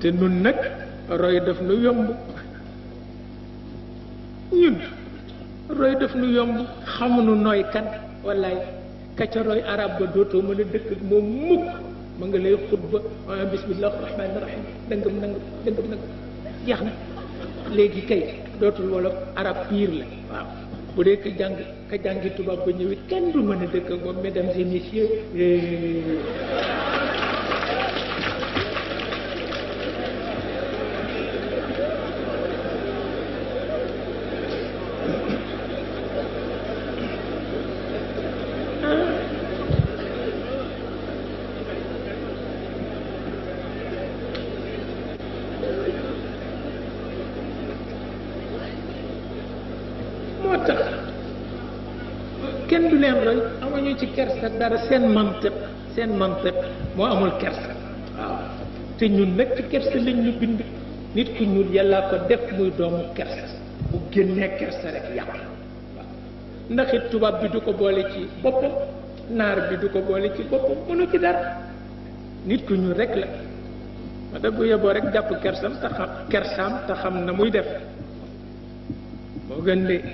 te nun nag roy daf nu yomb ñun roy daf nu yomb xamuñu nooy kan wallaay kacca roy arab ba dootoo mën a dëkk ak moom mukk ma nga lay xutba a bismillah rahmaani rahim dangam nangam dangam nangam jeex na léegi kay dootul wolof arab piir la waaw bu dee ka jàng ka jàngi tubaab ba ñëwit kenn du mën a dëkk ak moom mesdames et messieurs eh. moo tax kenn du leen roy amuñu ci kersa dara seen mantiq seen mantiq moo amul kersa waaw te ñun nag ci kersa lañ bind nit ku ñuul yàllaa ko def muy doomu kersa bu génnee kersa rek yàq waaw tubaab bi du ko boole ci boppam naar bi du ko boole ci boppam mënu ci dara nit ku ñuul rek la ma da bu yeboo rek jàpp kersam te xam kersaam na muy def Bougainville.